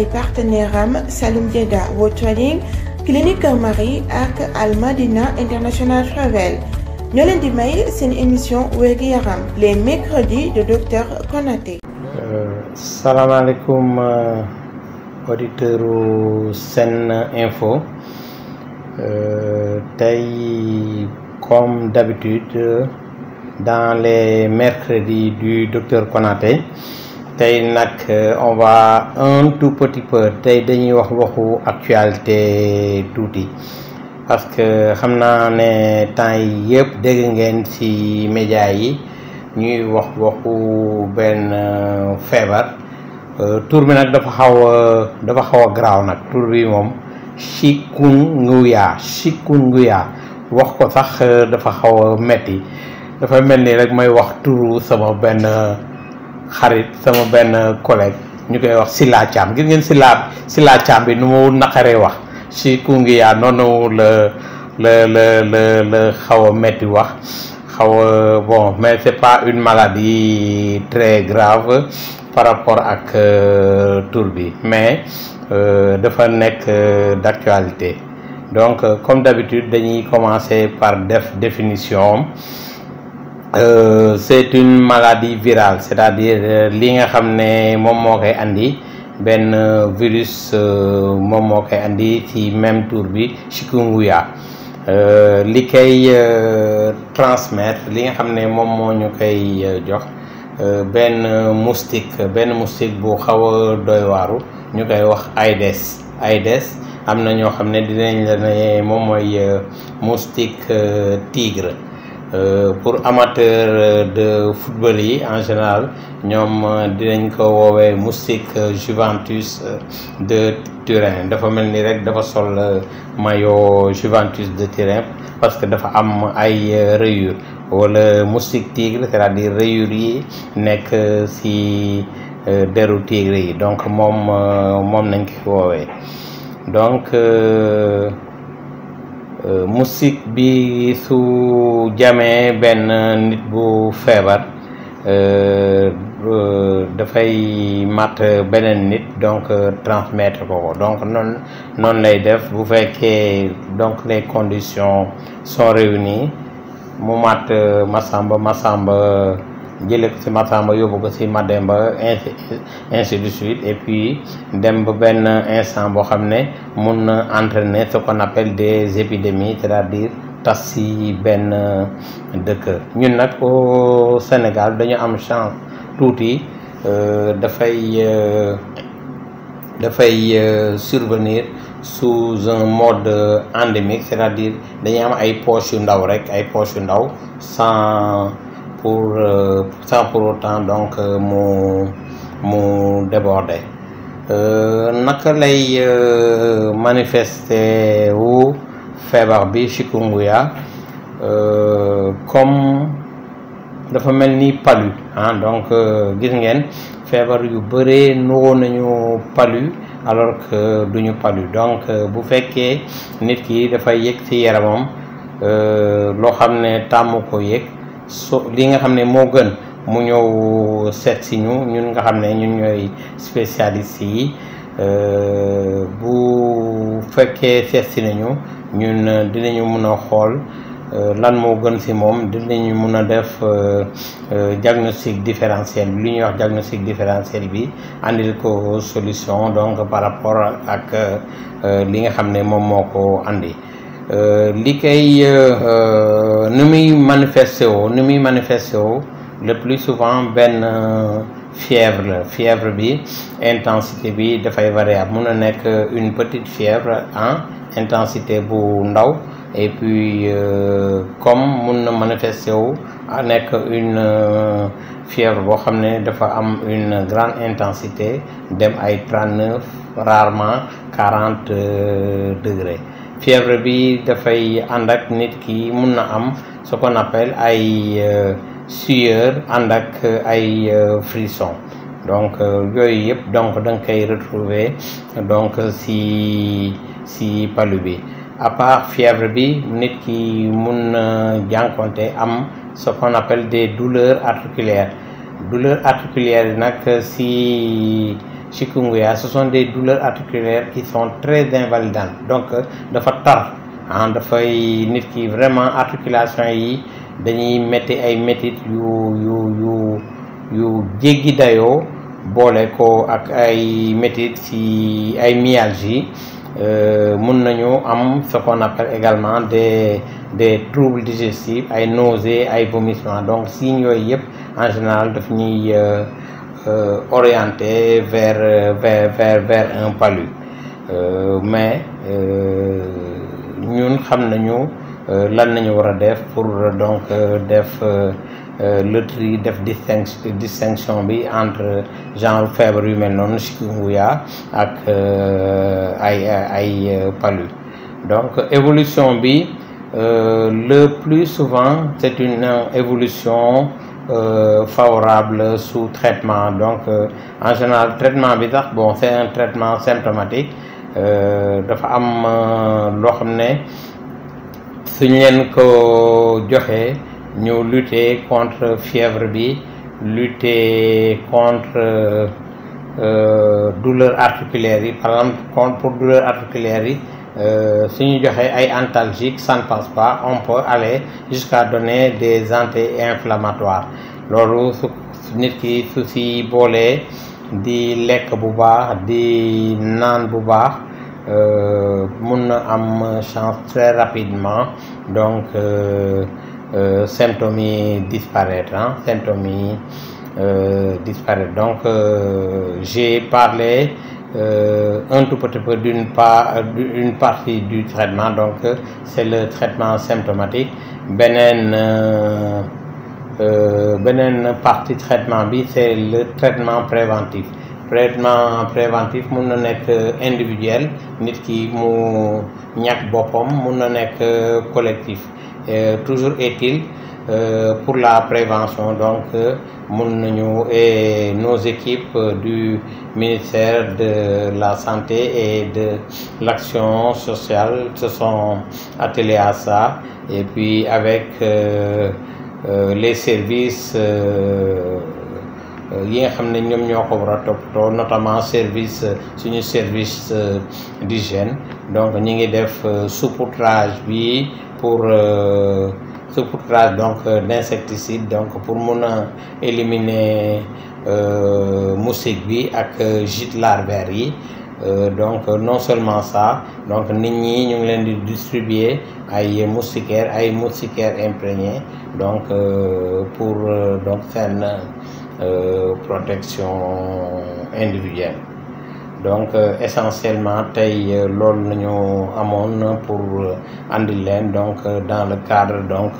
ay partenaire am Dieda World Trading Clinique Marie ak Al Madina International Travel ñoo leen di may seen émission wérgu yaram les mercredis de docteur Konaté. Euh, euh, euh, dans les mercredis du docteur Konaté. tey nag euh, on va un tout petit peu tey dañuy wax waxu actualité tuuti parce que xam naa ne temps yi yëpp dégg ngeen ci média yi ñuy wax waxu benn euh, feebar euh, tur bi nag dafa xaw a dafa xaw a garaaw nag tur bi moom chikungunya chikungunya wax ko sax dafa xaw a metti dafa mel ni rek may wax turu sama benn xarit sama benn collègue ñu koy wax Sila Thiam gis ngeen Sila Sila Thiam bi nu mu naqaree wax si Koungheul noonu la la la la la a metti wax xaw a bon mais c'est pas une maladie très grave par rapport ak euh, tour bi mais euh, dafa nekk euh, d'actualité donc comme d'habitude dañuy commencer par def définition Euh, c'est une maladie virale c'est-à-dire euh, li nga xam ne moom moo koy indi benn euh, virus euh, moom moo koy andi ci même tour bi chikungunya li koy transmettre li nga xam ne moom moo ñu koy jox benn moustique benn moustique bu xaw a doy waaru ñu koy wax Aedes des am na ñoo xam ne dinañ la ne moom mooy moustique tigre Euh, pour amateur euh, de football yi en général ñoom euh, dinañ ko woowee moustique Juventus de Turin dafa mel ni rek dafa sol maillot Juventus de Turin parce que dafa am ay rayures wala moustique tigre c'est-à-dire rayures yi nekk ci deru tigre yi donc moom moom nañ ko woowee donc. Euh, musique bi su jamee benn nit bu feebar euh, euh, dafay màtt beneen nit donc transmettre ko ko donc noonu lay def bu fekkee donc les conditions sont réunies mu màtt Masamba Masamba. jële ko si Massamba yóbbu ko si Mademba ainsi ainsi suite et puis dem ba benn instant boo xam ne mun na entraîner ce qu'on appelle des épidémies c'est-à-dire tas si benn dëkk ñun nag ko Sénégal dañu am chance tuuti euh, dafay euh, dafay euh, survenir sous un mode endémique c'est-à-dire dañuy am ay poches yu ndaw rek ay poches yu ndaw pour euh, sans pour autant donc euh, mu mu déborder euh, naka lay euh, manifester wu feebar bi chikungunya comme dafa mel ni palu ah donc gis ngeen feebar yu bëree nuroo nañu palu alors que duñu palu donc bu fekkee nit ki dafay yëg ci yaramam loo xam ne tàmm ko yëg su li nga xam ne moo gën mu ñëw seet si ñu ñun nga xam ne ñun ñooy spécialiste yi euh, bu fekkee seet si nañu ñun dinañu mun a xool euh, lan moo gën si moom dinañu mun a def euh, diagnostic différentiel bi li ñuy wax diagnostic différentiel bi andil ko solution donc par rapport ak li nga xam ne moom moo ko andi. Euh, li koy euh, nu muy manifesté woo nu muy manifesté woo le plus souvent benn euh, fièvre la fièvre bi intensité bi dafay variable mun a nekk une petite fièvre en intensité bu ndaw et puis euh, comme mun na manifesté wu nekk une euh, fièvre boo xam ne dafa am une grande intensité dem ay trente neuf rarement quarante degrés fièvre bi dafay ànd ak nit ki mun na am ce qu'on appelle ay euh, sueur ànd ak euh, ay euh, frisson donc yooyu yëpp donc da nga koy retrouver donc si si palu bi à part bi nit ki mun na jànkonte am ce qu'on appelle des douleurs articulaires douleurs articulaires nag si chikungunya ce sont des douleurs articulaires qui sont très invalidantes donc dafa tar ah dafay nit ki vraiment articulation yi dañuy métti ay métit yu yu yu yu jéggi dayoo boole ko ak ay métit ci ay myalgie euh, mun nañu am ce qu'on appelle également des des troubles digestifs ay nausées ay vomissements donc signes yooyu yëpp en général daf ñuy euh, Euh, orienté vers euh, vers vers vers un palu euh, mais ñun xam nañu lan nañu war a def pour donc def le tri def distinction distinction bi entre genre feebar yu mel noonu chikungunya ak ay ay palu donc évolution bi le plus souvent c'est une évolution euh, favorable sous traitement donc euh, en général traitement bi sax bon c'est un traitement symptomatique euh, dafa am euh, loo xam ne suñ leen ko joxee ñu lutter contre fièvre bi lutter contre douleur articulaire yi par exemple contre pour douleur articulaire yi Euh, si ñu joxe ay antalgiques ça ne passe pas on peut aller jusqu'à donner des anti-inflammatoires loolu su nit ki su si boolee di lekk bu baax di naan bu baax euh, mun na am chance très rapidement donc euh, symptômes yi disparaître ah symptômes yi disparaître donc j'ai parlé euh, un tout petit peu d'une euh, partie du traitement donc euh, c'est le traitement symptomatique beneen euh, beneen partie traitement bi c'est le traitement préventif traitement préventif mun na nekk individuel nit ki mu ñàkk boppam mun na nekk collectif Euh, toujours est-il euh, pour la prévention donc euh, mun nañu et nos équipes du ministère de la santé et de l'action sociale se sont attelées à ça et puis avec les services yi nga xam ne ñoom ñoo ko war a toppatoo notamment service suñu service d'hygiène donc ñu ngi def euh, saupoudrage bi pour euh, saupoudrage donc euh, d'insecticide donc pour mun a éliminer moustique bi ak gîte larvaire yi donc non seulement ça donc nit ñi ñu ngi leen di distribuer ay moustiquaires ay moustiquaires imprégnés donc pour donc seen protection individuelle donc euh, essentiellement tey euh, loolu nañu amoon pour andi leen donc euh, dans le cadre donc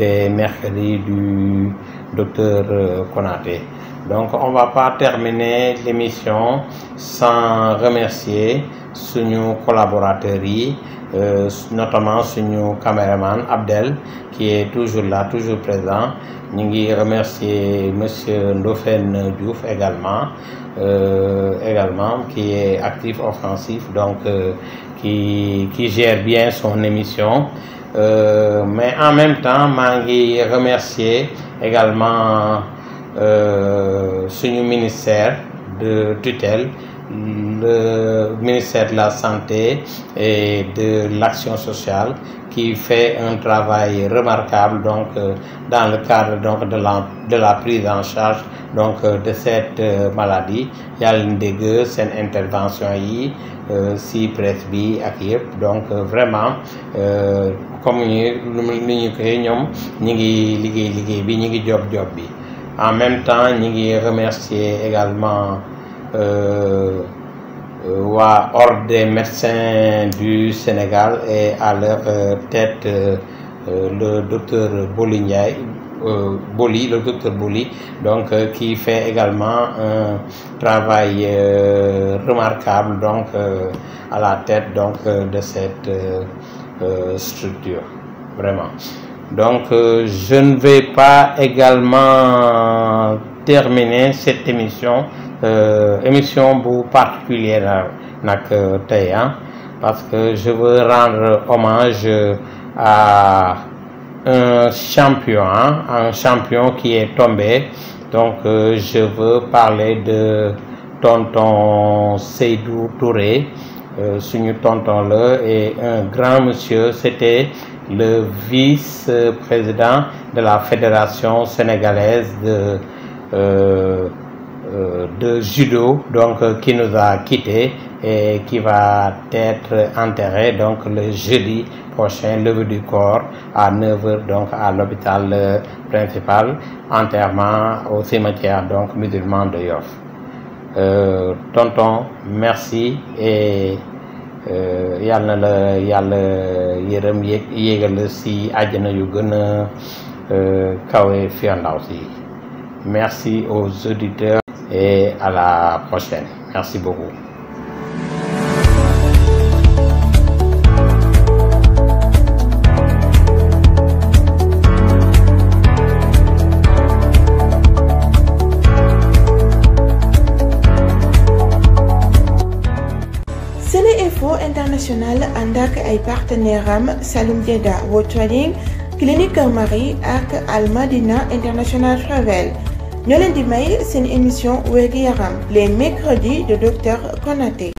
des mercredis du docteur Konaté donc on va pas terminer l'émission sans remercier suñu collaborateurs yi euh, notamment suñu caméraman Abdel qui est toujours là toujours présent ñu ngi remercier monsieur Ndofène Diouf également euh, également qui est actif offensif donc euh, qui qui gère bien son émission euh, mais en même temps maa ngi remercier également Euh, suñu ministère de tutelle le ministère de la santé et de l'action sociale qui fait un travail remarquable donc euh, dans le cadre donc de la de la prise en charge donc euh, de cette euh, maladie yàlla na dégg seen intervention yi euh, si presse bi ak yëpp donc vraiment comme ni ñu koy ñoom ñi ngi liggéey liggéey bi ñu ngi job job bi. en même temps ñi ngi remercier également euh, euh, waa ordre des médecins du Sénégal et à leur euh, tête le docteur Boli Ndiaye Boli le docteur Boli donc qui fait également un travail remarquable donc à la tête donc de cette structure vraiment Donc, euh, je ne vais pas également terminer cette émission, euh, émission beaucoup particulière euh, hein, parce que je veux rendre hommage à un champion, hein, un champion qui est tombé. Donc, euh, je veux parler de Tonton Seydou Touré. Euh, suñu tonton la et un grand monsieur c'était le vice-président de la fédération sénégalaise de euh, euh, de judo donc euh, qui nous a quittés et qui va être enterré donc le jeudi prochain levée du corps à 9h donc à l'hôpital euh, principal enterrement au cimetière donc musulman de Yoff Euh, tonton merci et euh, yal la yàlla yërëm yé yéegal la si àjjana yu gën a euh, kawe fiyandaw si merci aux auditeurs et à la prochaine merci beaucoup International ànd ak ay partenaire am Saloum Dieda World Trading Clinique Marie ak Al Madina International Travel ñoo leen di may seen émission wér les mercredis de docteur Konaté